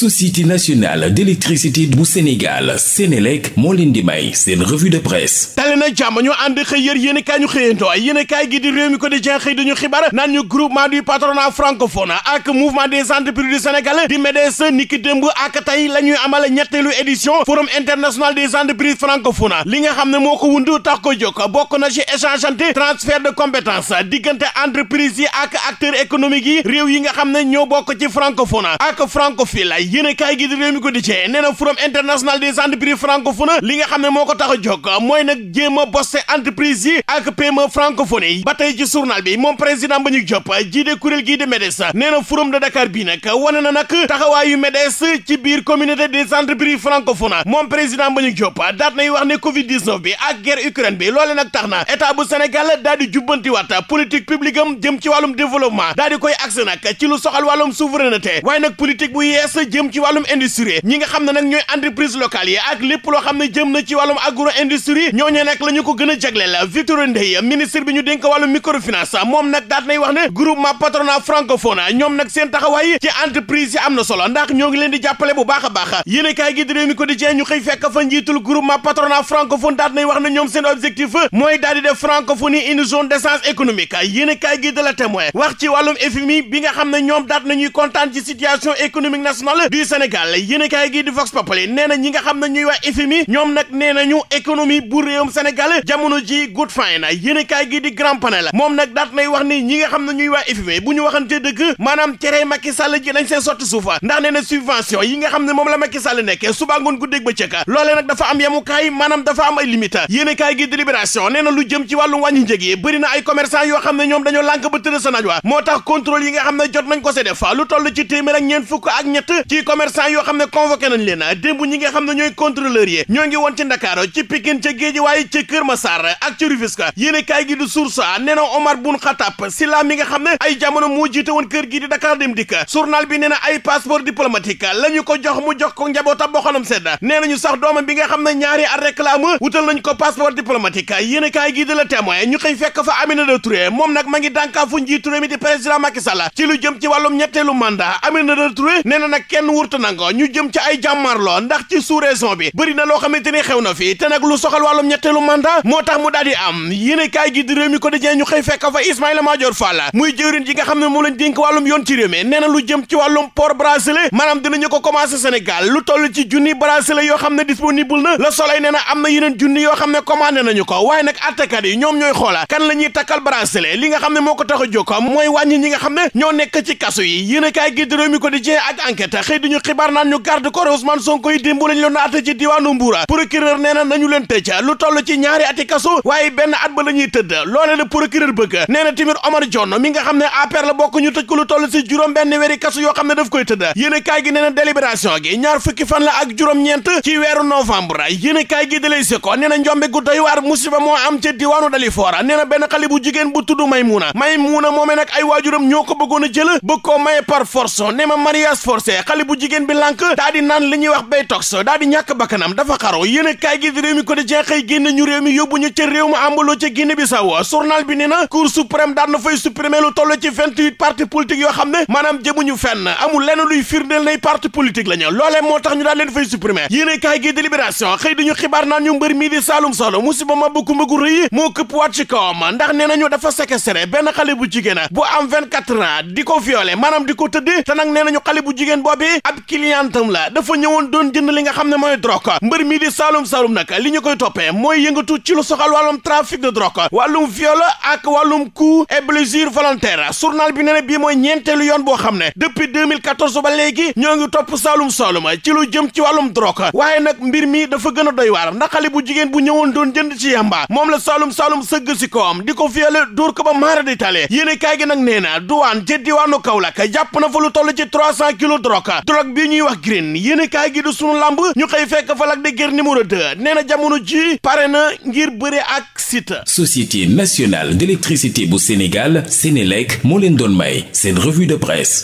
société nationale d'électricité bu Sénégal Sénélec moo leen di may seen revue de presse tali na jàmm ñu ànd xëy yër yéen i kaay ñu xëyanto yéen i kaay gi di réew mi ko di jenxëy dañu xibaar naan ñu groupement du patronat francophone ak mouvement des entreprises du Sénégal di MEDES niki démb ak tey la ñuy amal ñetteelu édition forum international des entreprises francophones li nga xam ne moo ko wundu tax ko jóg bokk na ci échange ante diggante entreprise yi ak acteurs économiques yi réew yi nga xam ne ñoo bokk ci francophone ak francophile yéen a kaay gi di réew mi ko di cee nee na forum international des entreprises francophones li nga xam ne moo ko tax a mooy nag jéem a bosse entreprise yi ak PME francophone yi ba tey ci bi moom président Mbagnick Diop jiite kuréel gii di MEDES nee na forum de Dakar bii nag wane na nag taxawaayu MEDES ci biir communauté des entreprises francophones moom président Mbagnick Diop daat nay wax ne Covid 19 bi ak guerre Ukraine bi loole nag tax na état bu Sénégal daal di jubbantiwaat politique publique am jëm ci wàllum développement daal di koy accès nag ci lu soxal wàllum jëm ci wàllum industrie ñi nga ñoom nag seen taxawaay ci entreprise yi am na solo ndax ñoo ngi leen di jàppale bu baax a baax yéene kaay gi di réew mi ñu xëy fekk fa njiitul groupement patronat francophone daat nay wax ne ñoom seen objectif mooy daal di def francophonie une zone d'essence économique yéene kaay gi la témoin wax ci wàllum FMI bi nga xam ne ñoom daat nañuy kontaan ci situation économique nationale du Sénégal yéenekaay gi di Vox Populi nee na ñi nga xam ne ñuy waa FMI ñoom nag nee nañu économie bu réewum Sénégal jamono ji good fine yéenekaay gi di Grand Panel moom nag daat nay wax ni ñi nga xam ne ñuy waa FMI bu ñu waxante dëgg maanaam cere Macky Sall ji dañ seen sotti suufa ndax nee na subvention yi nga xam ne moom la Macky Sall nekke suba ngoon guddeeg bëccëg loole nag dafa am yemukaay maanaam dafa am ay limite yéenekaay gi na lu jëm ci commerçant yoo xam ne convoqué nañ leen ñi nga ne ñooy contrôleurs yi ñoo ngi woon ci Ndakaaru ci Pikine ca Géejawaay ca Kër Massar ak ci Rufisque yéene kaay gi du source Omar Bun Xatab Silla mi nga xam ne ay jamono moo jiite kër gi di Dem Dikk journal bi nee ay passeport diplomatique la ko jox mu jox ko njabootam boo xonam sedd nee sax doomam bi nga xam ne ñaari at rek am wutal nañ ko passeport diplomatique yéene kaay gi de la témoin ñu xëy fekk fa Aminata Touré moom kenn wurtu nango jëm ci ay jàmmarloo ndax ci sous na loo xamante ni xew na fi te nag lu soxal wàllum ñetteelu mandat moo tax mu daal di am yéen gi di réew mi ko ñu muy jëwriñ ji nga xam ne moom lañ dénk wàllum yoon ci réew mi nee na lu jëm ci wàllum port ko commencé Sénégal lu toll ci junni bracelet yoo xam ne disponible na Le Soleil nee na am yoo xam ne commandé nañu ko waaye nag attakat yi ñoom ñooy xoola kan la ñuy takkal bracelet li nga xam ne moo ko tax a jóg mooy wàññi ñi nga xam ne ñoo nekk ci kasu yi yéen kaay ko di réew mi ko dajee ak xëy duñu xibaar naan ñu garde corps Ousmane Sonko yi démb lañ leen atte ci diwaanu Mbour procureur nee na nañu leen tëj lu toll ci ñaari ati kaso waaye benn at ba la ñuy tëdd loole la procureur bëgg nee na tamit Omar Dione mi nga xam ne APR la bokk ñu tëj ko lu toll si juróom benn weeri kaso xam ne daf koy tëdd yéene kaay gi nee na délibération gi ñaar fukki fan la ak juróom-ñeent ci weeru novembre yéene kaay gi dalay si ko nee na njombe gu doy waar musiba moo am ca diwaanu Dalifort nee na benn xale bu jigéen bu tudd Maymuuna Maymuuna moomee nag ay waajuram ñoo ko bëggoon a jël bëgg koo maye par force nee ma mariage forcé xale bu jigéen naan li ñuy wax bay tox daa di ñàkk bakkanam dafa xaro yéen a kaay gi di réew mi ko di jeexay génn ñu réew yóbbu ñu ca réew mu àmbaloo ca Guinée Bissau journal bi nee na cour suprême daan na fay supprimer lu ci vingt-huit partis politiques yoo xam ne maanaam jëmuñu fenn amul lenn luy firndeel nay parti politique la ñu moo tax ñu daal leen fay supprimer yéen a kaay gi di libération xibaar naan ñu mbër mii di Saloum musiba ma ab clientam la dafa ñëwoon jënd li nga xam ne mooy drogue mbër mi di Saloum Saloum nag li ñu koy toppee mooy yëngatu ci lu soxal wàllum trafic de drogue wàllum viol ak wàllum coup et blessure volontaire bi nee na bii mooy ñeenteelu yoon boo xam ne depuis 2014 ba léegi ñoo ngi topp Saloum Saloum ci lu jëm ci wàllum drogue waaye nag mbir mi dafa gën a doy waar ndax xale bu jigéen bu ñëwoon doon jënd ci yamba moom la Saloum Saloum sëgg si ko am di ko violé ko ba maara di tale yéene kaay gi nag na duwaan ca diwaanu Kaolack jàpp na fa lu drogue bi ñuy wax green yéen kaay gi du sunu lamb ñu xëy fekk fa Lac de Guiers numéro 2 nee na jamono ji pare na ngir bëri ak Siteu. Société nationale d'électricité bu Sénégal Sénélec moo leen doon may seen revue de presse.